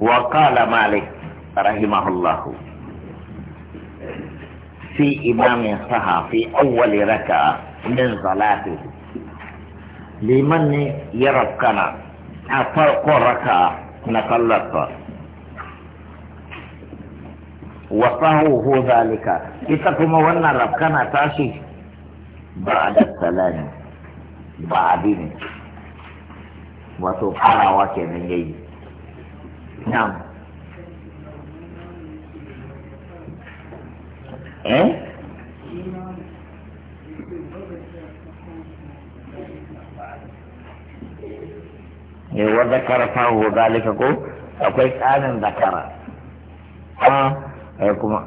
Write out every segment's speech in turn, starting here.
وقال مالك رحمه الله في إمام صحى في أول ركعة من صلاته لمن يركنا أفرق ركعة نقلت هو ذلك إتكم ونا ركنا تاشي بعد السلام بعدين وتفعل وكذا يجي na'am eh ne eh, wa zakara ko akwai tsarin zakara a eh, kuma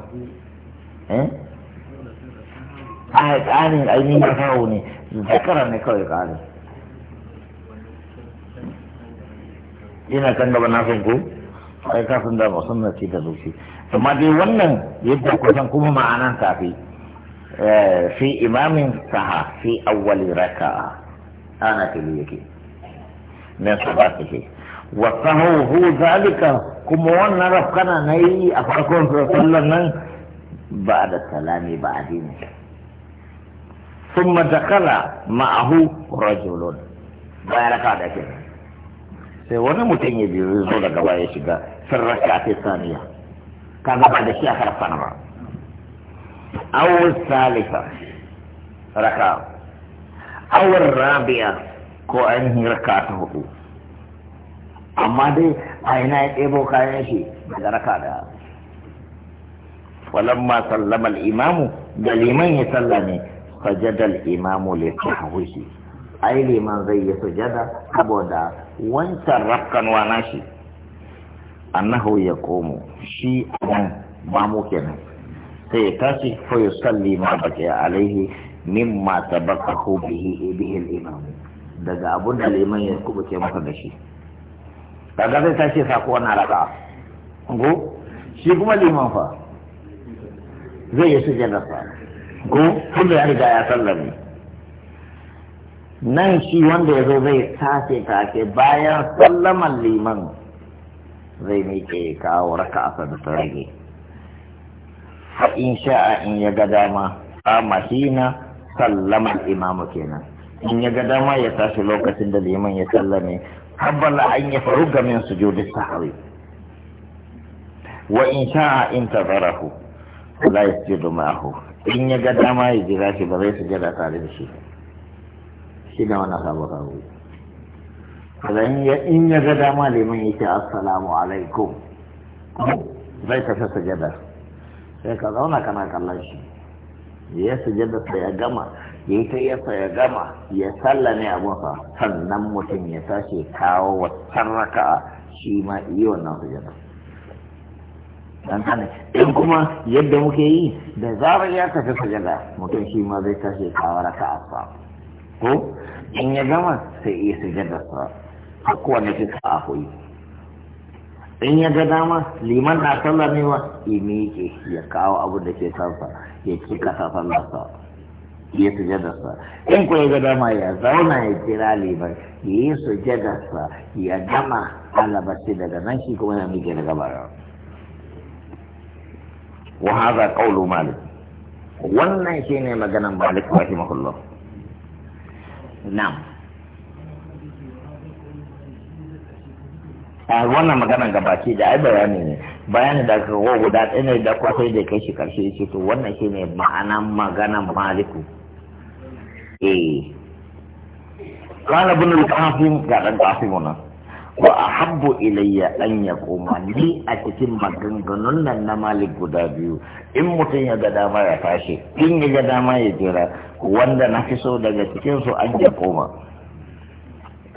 eh a tsarin ainihin kawai tsarin ina kan ai kafin da ba sunna ce da zuci amma dai wannan yadda kusan kuma ma'anan ta fi eh, imamin saha fi awwali raka'a ana fili yake min sabatihi wa sahu hu zalika kuma wannan rafkana na yi a farkon sallan nan ba da salami ba addini ثم دخل معه رجل ya raka da ke sai wani mutum ya biyu zo daga baya shiga في الركعة الثانية كان بعد الشيء آخر الصنبع أو الثالثة ركعة أو الرابعة كو أنهي ركعته أما دي أين إبو كايشي بعد ركعة ولما سلم الإمام قال من يسلمي سجد الإمام لتحويه أي لمن زي سجد أبو دا وانت ركن وناشي annahu ya komo shi anan mamu kenan sai ya tashi fa salli ma baqiya alaihi mimma ko bihi bihi al-imam daga abun da liman ya ke masa da shi Daga zai tashi ya ko wannan raka go shi kuma liman fa zai yi sujada sa go kullu ya riga ya sallame nan shi wanda ya zo zai tashi take bayan sallaman liman zai miƙe kawo raka a da rage in sha'a in ya ga dama a hina sallama imamu kenan in ya ga dama ya tashi lokacin da liman ya sallame habbala an ya faru ga min sujudi sahwi wa in sha'a in tazarahu la yasjudu ma'ahu in ya ga dama ya jira shi ba zai jira tare da shi shi da wannan sabo kawo sannan in ya ga dama liman ya ce assalamu alaikum zai tafi sujada sai ka zauna kana kallon shi ya sujada sai ya gama ya yi ta sa ya gama ya sallame masa sannan mutum ya tashi kawo wata raka'a shi ma iya wannan sujada dan hana in kuma yadda muke yi da zarar ya tafi sujada mutum shi ma zai tashi kawo raka'a ko in ya gama sai iya sujada sa hakuwa ne shi ka ahoyi in ya ga dama liman na imi imike ya kawo abu da ke kansa ya ci kasa sallarsa ya sujadarsa in ko ya ga dama ya zauna ya jira liman ya yi sujadarsa ya gama alabarci daga nan shi kuma ya mike daga bara wa haza kaulu malik wannan ne maganan malik mahullo na'am a wannan magana ga baki da ai bayani ne bayani da aka go guda ɗaya ne da kwasai da kai shi karshe ya ce to wannan shi ne ma'anan maganan maliku eh kana ibn qasim ga dan qasim a wa ahabbu ilayya an yaquma ni a cikin maganganun nan na malik guda biyu in mutum ya ga dama ya tashi in ya ga dama ya jira wanda na fi so daga cikin su an yaquma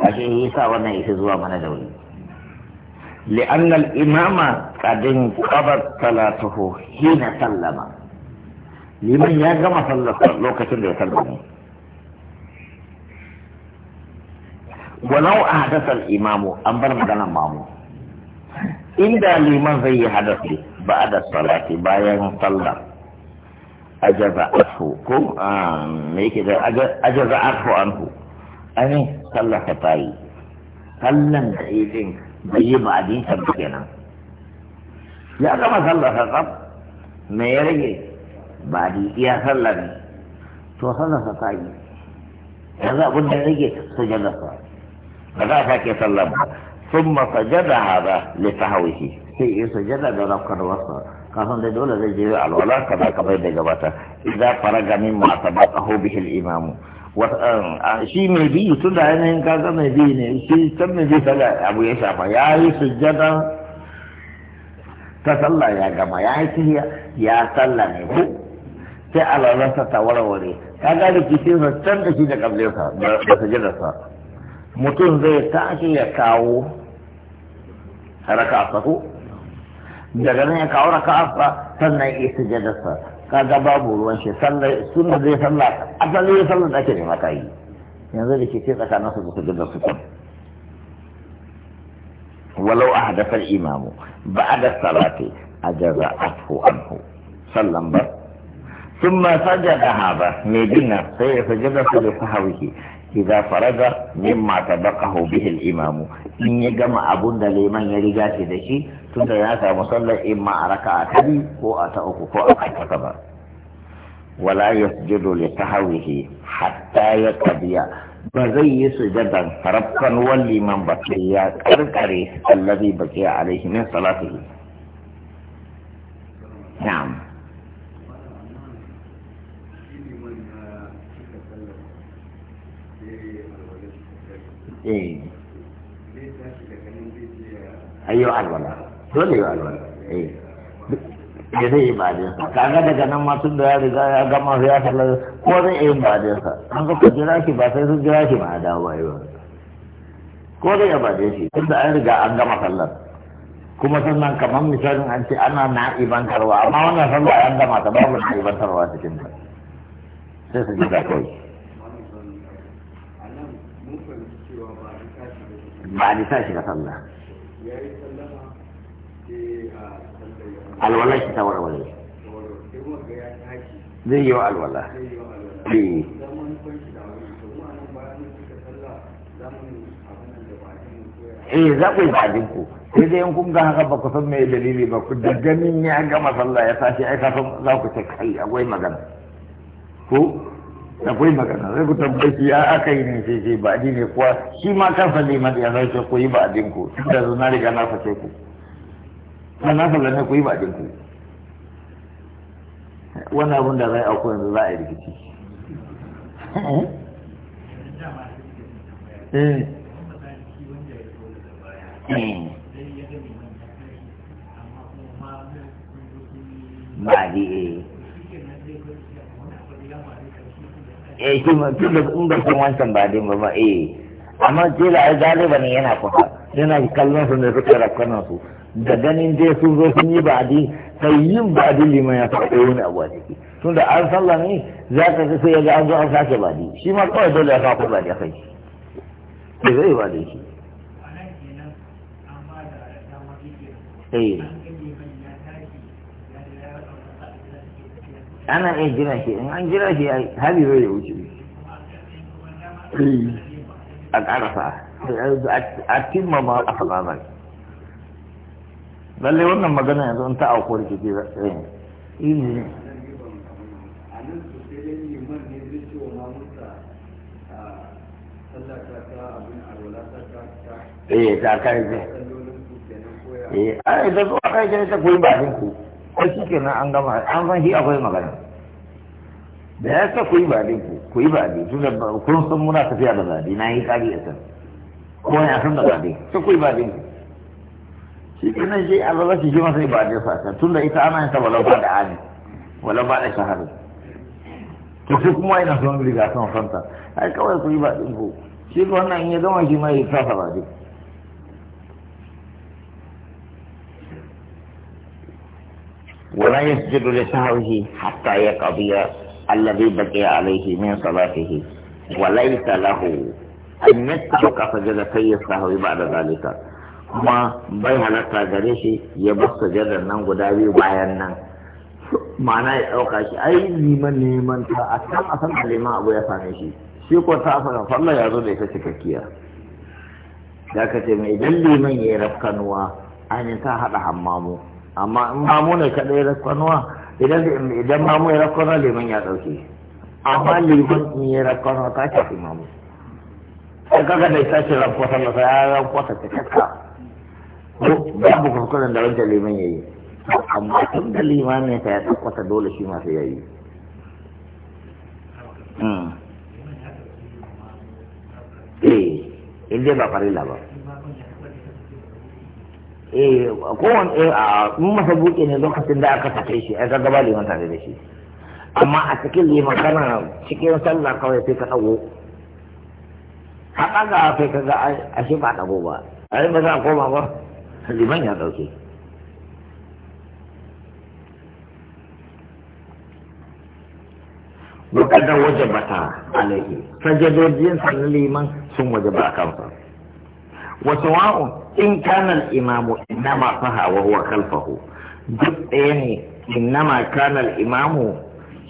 ashe yasa wannan yake zuwa mana da wuri لأن الإمام قد انقضت صلاته حين سلم لمن صلاته لو لوكة يسلم ولو أحدث الإمام أنبر مدن مامو إن لمن زي حدث بعد الصلاة باين صلى أخو كم آه، أخو عنه أني صلى فتاي صلى دعيدين bai yi ba abincin ba kenan ya gama sallah sassaf me ya rage ba di iya sallah ne to sallah sa ta yi yanzu abin da rage sujada sa ba za a sake sallah ba sun masajada hada litahawihi sai yi sujada da rafkarwarsa kasan da dole zai je alwala kada kamar da gabata idan faraga min ma sabaqahu bihi al-imamu Eh, ah, shi mai biyu tun da yanayin kaza mai biyu ne shi can mai biyu abu ya shafa ya yi sujjada ta sallah ya gama ya yi tahiya ya sallah ne ko sai alalansa ta warware ki da kitinsa can da shi da kablinsa da sujjadarsa mutum zai tashi ya kawo raka ko daga nan ya kawo raka sannan ya sujjadarsa kaga babu ruwan shi sallar sunna zai sallah asali ya sallar da ake nema ta yi yanzu da ke ce tsakanin su su gida su walau a hadafar imamu ba a da salati a jaza afu anhu sallan ba sun ma sajada ha ba mai dinna sai ya sajada su da su hawiki idza faraga mimma tabaqahu bihi al-imamu in ya gama abun da liman ya riga shi da shi tunda ya samu sallar imma a raka'a ta ko a ta uku ko a ta ba wala yasjudu li tahwihi hatta ya yaqdiya ba zai yi sujadan rabban wal liman ba ya karkare allazi baqiya alaihi min salatihi na'am eh ayyo alwala dole ya alwala eh da eh, zai yi badinsa kaga daga nan masu tun da ya riga ya gama ya sallar ko zai yi badinsa an ga ku jira shi ba sai sun jira shi ba a dawo ba ba ko zai yi badin shi tun an riga an gama sallar kuma sannan kamar misalin an ce ana iban karwa amma wannan sallar an gama ta babu iban karwa cikin ta sai su jira kawai ba ni tashi ka alwala shi ta warware zai yi wa alwala eh, eh za ku yi sai dai in kun ga haka ba ku san mai dalili ba ku da ganin ya gama sallah ya tashi ai san za ku magana akwai magana zai ku tabbaci ya aka yi ne sai sai ba ne kuwa shi ma kansa ne ma ya zai ku yi ba adin ku da zo na riga na fashe ku na na fara ne ku yi ba adin ku wannan abin da zai auku yanzu za a yi rikici eh eh, eh. eh kuma tun da in ba san wancan ba dai ba eh amma kila ai galiban yana kusa yana kallon su ne suka rakkanan su da ganin dai sun zo sun yi ba'adi sai yin ba'adi liman ya sa ko wani abu a ciki tun da an sallah ne za ka ga sai ya ga an zo an sake ba'adi shi ma kawai dole ya sa ko ba'adi a kai bai zai ba'adi shi eh ana iya jira shi in an jira shi zai ya wuce a ƙarasa a cimma ma a falalar lalle wannan magana yanzu ta auku rikici za su yi ne eh ta kai ce eh ai da zuwa kai ce ta koyi ba ai shi kenan an gama an san shi akwai magana da ya sa ku yi ba ku ku yi ba dai tun da kun san muna tafiya da zabi na yi kari a san ko ya san da zabi sai ku yi ba ku shi kenan shi a zaba shi ma sai ba dai fata tun da ita ana yin ta walau ba da ani walau ba da shahara to sai kuma ina son riga son fanta ai kawai ku yi ba ku shi wannan in ya gama shi ma ya sa ba dai ولا يسجد لسهوه حتى يقضي الذي بقي عليه من صلاته وليس له أن يترك سجدتي السهو بعد ذلك kuma bai halatta gare shi ya bar sujadar nan guda biyu bayan nan ma'ana ya ɗauka shi ai liman neman ta a can a san liman abu ya same shi shi ko ta afirka falla ya zo da ita ce cikakkiya da ka ce mai idan liman ya yi rafkanuwa an ta haɗa hammamu amma in mamu ne kaɗai rakonuwa idan idan mamu ya rakonuwa liman ya ɗauke amma liman in ya rakonuwa ta shafi mamu sai kaga da ita ce rakwata masa ya rakwata ta kakka babu kuskuren da wanda liman ya yi amma tun da ne ta ya ɗaukwata dole shi masu ya yi hmm. eh in dai ba farilla ba eh kowane eh a mun masa buke ne lokacin da aka sake shi a gaba liman tare da shi amma a cikin liman kana cikin sallah kawai sai ka dago ka ga sai ka ga a shi ba dago ba a yi ba za a koma ba liman ya dauke وقد وجبت عليه liman sun لمن ba a كفر in إن imamu الإمام إنما صحى wa kalfahu duk ɗaya ne innama kana imamu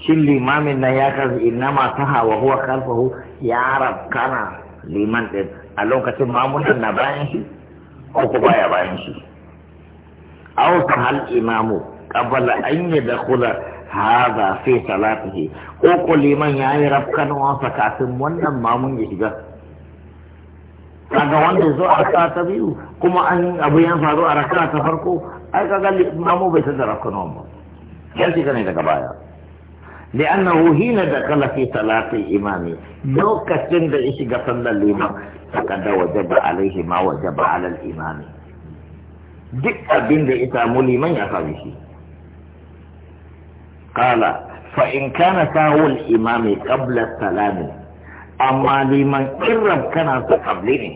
shin limamin nan ya kasu innama faha wa huwa kalfahu ya rab kana liman ɗin a lokacin mamunan na bayan shi ko ko baya bayan shi aw hal imamu qabla an yadkhula hadha fi salatihi ko ko liman yayi rafkanwa kafin wannan mamun ya shiga ga wanda zo a raka ta biyu kuma an abu ya faru a raka ta farko ai kaga mamu bai tada raka nan ba yan shi kane daga baya da annahu hina da kala fi salati imami lokacin da ya shiga sallar liman takadda wajaba alaihi ma wajaba imami duk abin da ya samu liman ya faru fa in kana sahu imami qabla salamin amma liman irin kana su kabli ne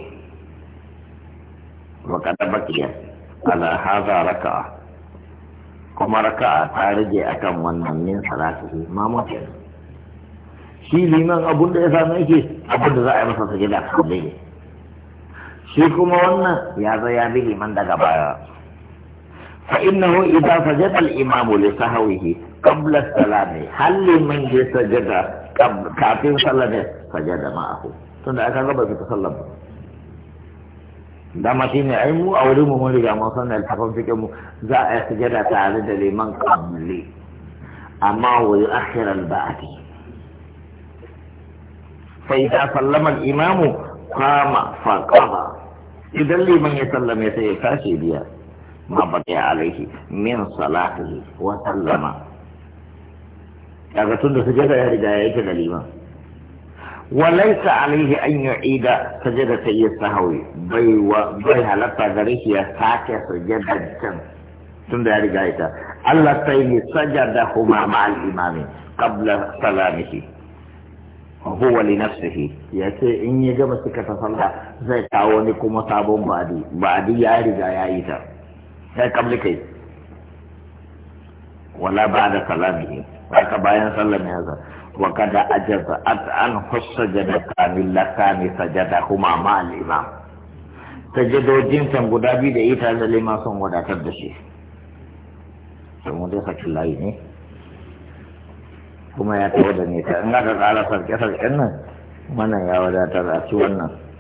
wa kada bakiya ala haza raka'a kuma raka'a ta rage akan wannan min salatihi mamun kenan shi liman abun da ya same yake abun da za a yi masa sajada kabli ne shi kuma wannan ya zo ya bi liman daga baya fa innahu idza sajada al-imamu li sahwihi qabla salami hal liman sajada kafin salami السجادة معه ثم كان ربك يتسلم دا ماتين علمه أو علمه من لك أما صنع الحكم فيك أمه زاء السجادة تعالد لمن قبل أما هو يؤخر البعث فإذا سلم الإمام قام فقضى إذن لي من يسلم يتفاشي بيا ما بقي عليه من صلاته وسلم هذا تند سجادة يا رجاء يجد الإمام walaisa alaihi an yu'ida sajada ta iya sahawi bai wa da halatta gare shi ya sake sujada can tun da ya riga ita Allah ta yi sajada da ma al imami qabla salamihi wa huwa ya ce in ya gama suka ta salla zai kawo ni kuma sabon badi badi ya riga ya yi ta sai kamli kai wala ba da salamihi haka bayan sallar ya zai وقد أجزأت عنه السجدتان اللتان سجدهما مع الإمام سجدوا جنسا قدابي دعيتها لما سن ودا تدشي سمودي خاتش الله يني كما يتودا نيتا انك قال سركي سركي انا من يا ودا ترأسوا النصر